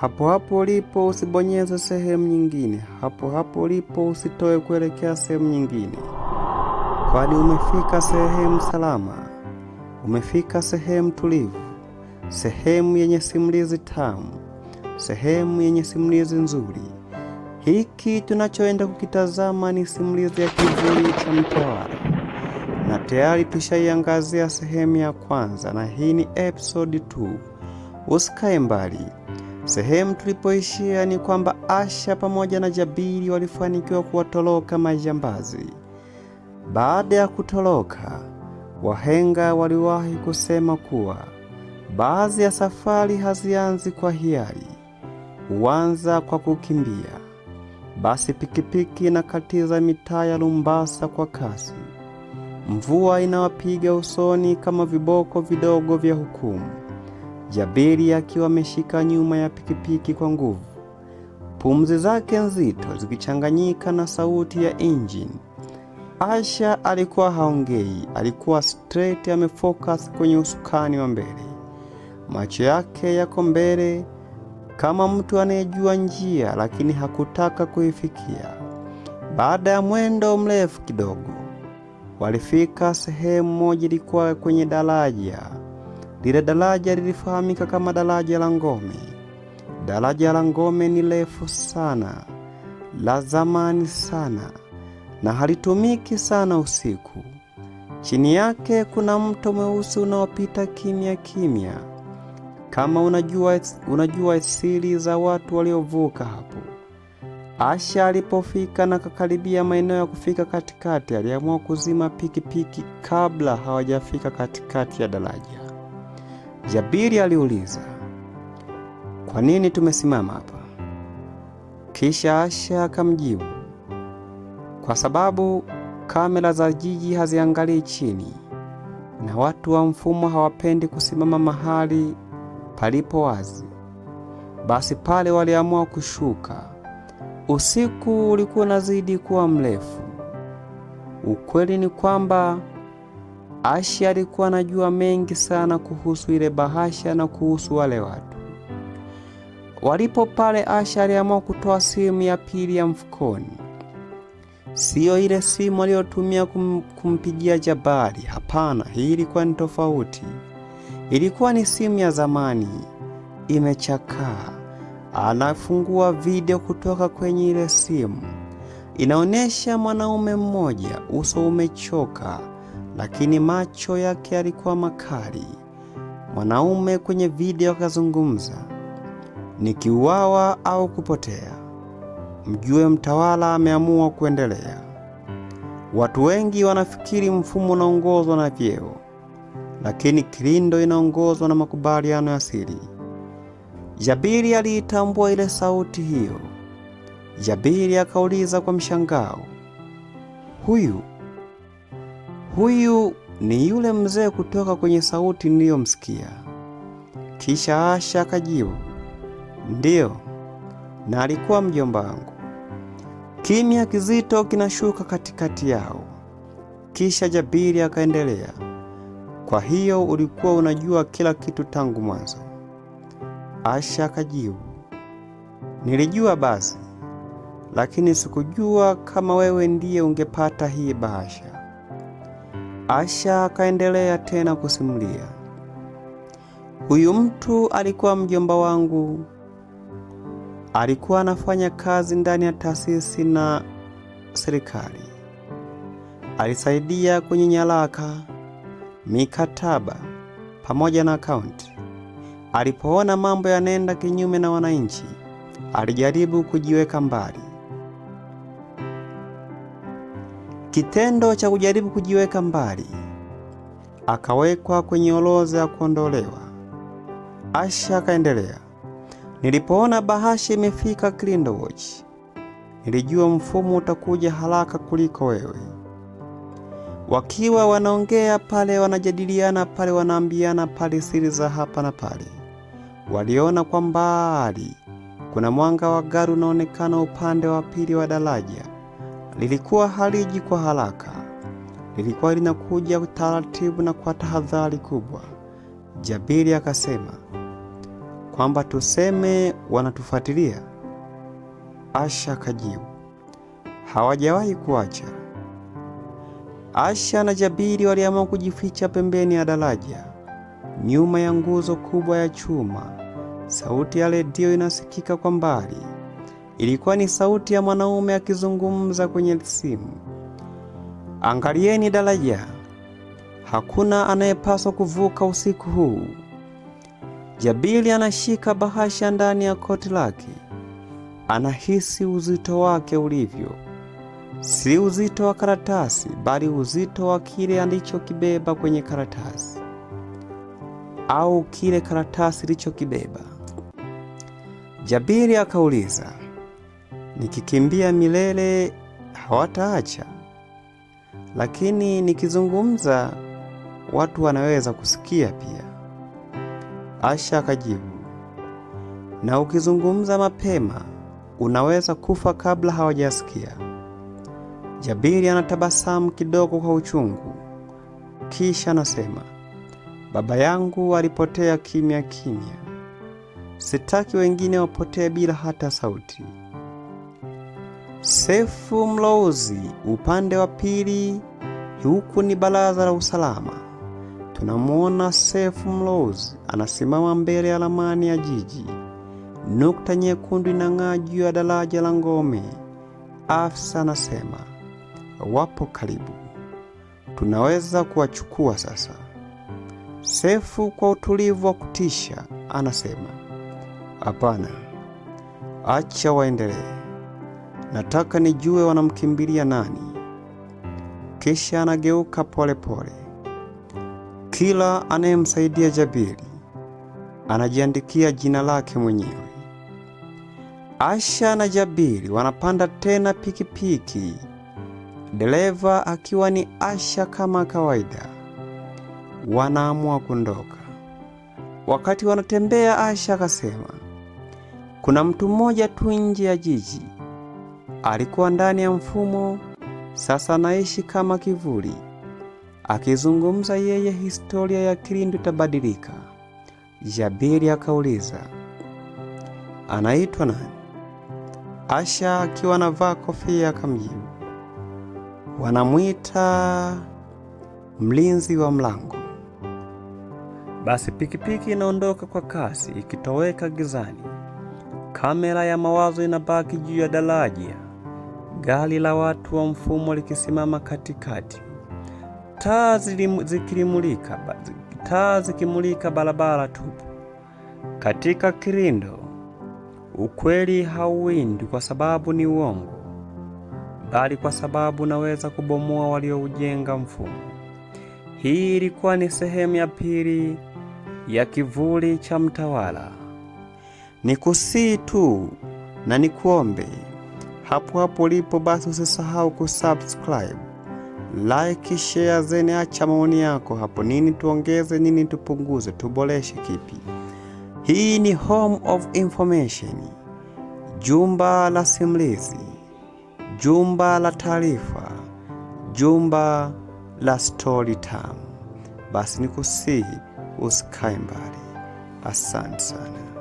hapo hapo ulipo usibonyeze sehemu nyingine, hapo hapo ulipo usitoe kuelekea sehemu nyingine, kwani umefika sehemu salama, umefika sehemu tulivu, sehemu yenye simulizi tamu, sehemu yenye simulizi nzuri. Hiki tunachoenda kukitazama ni simulizi ya Kivuli cha Mtawala, na tayari tushaiangazia sehemu ya kwanza, na hii ni episode 2. Usikae mbali. Sehemu tulipoishia ni kwamba Asha pamoja na Jabiri walifanikiwa kuwatoroka majambazi. Baada ya kutoroka, wahenga waliwahi kusema kuwa baadhi ya safari hazianzi kwa hiari, huanza kwa kukimbia. Basi pikipiki inakatiza mitaa ya Lumbasa kwa kasi, mvua inawapiga usoni kama viboko vidogo vya hukumu. Jabiri akiwa ameshika nyuma ya pikipiki kwa nguvu, pumzi zake nzito zikichanganyika na sauti ya injini. Asha alikuwa haongei, alikuwa straight amefocus kwenye usukani wa mbele. Macho yake yako mbele kama mtu anayejua njia lakini hakutaka kuifikia. Baada ya mwendo mrefu kidogo, walifika sehemu moja, ilikuwa kwenye daraja. Lile daraja lilifahamika kama daraja la Ngome. Daraja la Ngome ni refu sana, la zamani sana na halitumiki sana usiku. Chini yake kuna mto mweusi unaopita kimya kimya. Kama unajua, unajua siri za watu waliovuka hapo. Asha alipofika na kakaribia maeneo ya kufika katikati, aliamua kuzima pikipiki piki kabla hawajafika katikati ya daraja. Jabiri aliuliza, kwa nini tumesimama hapa? Kisha Asha akamjibu, kwa sababu kamera za jiji haziangalii chini na watu wa mfumo hawapendi kusimama mahali palipo wazi. Basi pale waliamua kushuka. Usiku ulikuwa unazidi kuwa mrefu. Ukweli ni kwamba Ashi alikuwa anajua mengi sana kuhusu ile bahasha na kuhusu wale watu. Walipo pale, Ashi aliamua kutoa simu ya pili ya mfukoni, siyo ile simu aliyotumia kum, kumpigia Jabali. Hapana, hii ilikuwa ni tofauti. Ilikuwa ni simu ya zamani imechakaa. Anafungua video kutoka kwenye ile simu, inaonyesha mwanaume mmoja, uso umechoka lakini macho yake yalikuwa makali. Mwanaume kwenye video akazungumza, nikiuawa au kupotea, mjue mtawala ameamua kuendelea. Watu wengi wanafikiri mfumo unaongozwa na vyeo, lakini Kilindo inaongozwa na makubaliano ya siri. Jabiri aliitambua ile sauti hiyo. Jabiri akauliza kwa mshangao, huyu Huyu ni yule mzee kutoka kwenye sauti niliyomsikia. Kisha Asha akajibu, ndiyo, na alikuwa mjomba wangu. Kimya kizito kinashuka katikati yao. Kisha Jabiri akaendelea, kwa hiyo ulikuwa unajua kila kitu tangu mwanzo? Asha akajibu, nilijua basi, lakini sikujua kama wewe ndiye ungepata hii bahasha. Asha akaendelea tena kusimulia, huyu mtu alikuwa mjomba wangu, alikuwa anafanya kazi ndani ya taasisi na serikali, alisaidia kwenye nyaraka, mikataba pamoja na akaunti. Alipoona mambo yanaenda kinyume na wananchi, alijaribu kujiweka mbali kitendo cha kujaribu kujiweka mbali, akawekwa kwenye orodha ya kuondolewa. Asha akaendelea, nilipoona bahasha imefika Clindawoch, nilijua mfumo utakuja haraka kuliko wewe. Wakiwa wanaongea pale, wanajadiliana pale, wanaambiana pale siri za hapa na pale, waliona kwa mbali kuna mwanga wa gari unaonekana upande wa pili wa daraja lilikuwa haliji kwa haraka, lilikuwa linakuja taratibu na kwa tahadhari kubwa. Jabiri akasema kwamba tuseme wanatufuatilia. Asha kajibu hawajawahi kuacha. Asha na Jabiri waliamua kujificha pembeni ya daraja, nyuma ya nguzo kubwa ya chuma. Sauti ya redio inasikika kwa mbali. Ilikuwa ni sauti ya mwanaume akizungumza kwenye simu. Angalieni daraja, hakuna anayepaswa kuvuka usiku huu. Jabili anashika bahasha ndani ya koti lake, anahisi uzito wake ulivyo, si uzito wa karatasi, bali uzito wa kile alichokibeba kwenye karatasi, au kile karatasi ilichokibeba. Jabili akauliza Nikikimbia milele hawataacha, lakini nikizungumza watu wanaweza kusikia pia. Asha akajibu, na ukizungumza mapema unaweza kufa kabla hawajasikia. Jabiri anatabasamu kidogo kwa uchungu, kisha anasema, baba yangu alipotea kimya kimya, sitaki wengine wapotee bila hata sauti. Sefu Mlozi, upande wa pili, huku ni baraza la usalama. Tunamwona Sefu Mlozi anasimama mbele ya ramani ya jiji. Nukta nyekundu inang'aa juu ya daraja la Ngome. Afisa anasema wapo karibu, tunaweza kuwachukua sasa. Sefu kwa utulivu wa kutisha anasema hapana, acha waendelee nataka nijue wanamkimbilia nani. Kisha anageuka polepole pole. Kila anayemsaidia Jabiri anajiandikia jina lake mwenyewe. Asha na Jabiri wanapanda tena pikipiki Dereva akiwa ni Asha kama kawaida, wanaamua kundoka. Wakati wanatembea, Asha akasema kuna mtu mmoja tu nje ya jiji Alikuwa ndani ya mfumo, sasa naishi kama kivuli. Akizungumza yeye, historia ya Kilindu itabadilika. Jabiri akauliza, anaitwa nani? Asha akiwa anavaa kofia akamjibu, wanamwita mlinzi wa mlango. Basi pikipiki inaondoka kwa kasi ikitoweka gizani. Kamera ya mawazo inabaki juu ya daraja gari la watu wa mfumo likisimama katikati, taa zikimulika taa zikimulika barabara tupu. Katika kilindo, ukweli hauwindi kwa sababu ni uongo, bali kwa sababu naweza kubomoa walioujenga mfumo. Hii ilikuwa ni sehemu ya pili ya kivuli cha mtawala. Nikusii tu na nikuombe hapo hapo ulipo. Basi usisahau kusubscribe, like, share zeni, acha maoni yako hapo, nini tuongeze, nini tupunguze, tuboreshe kipi? Hii ni Home of Information, jumba la simulizi, jumba la taarifa, jumba la story time. Basi nikusihi usikae mbali. Asante sana.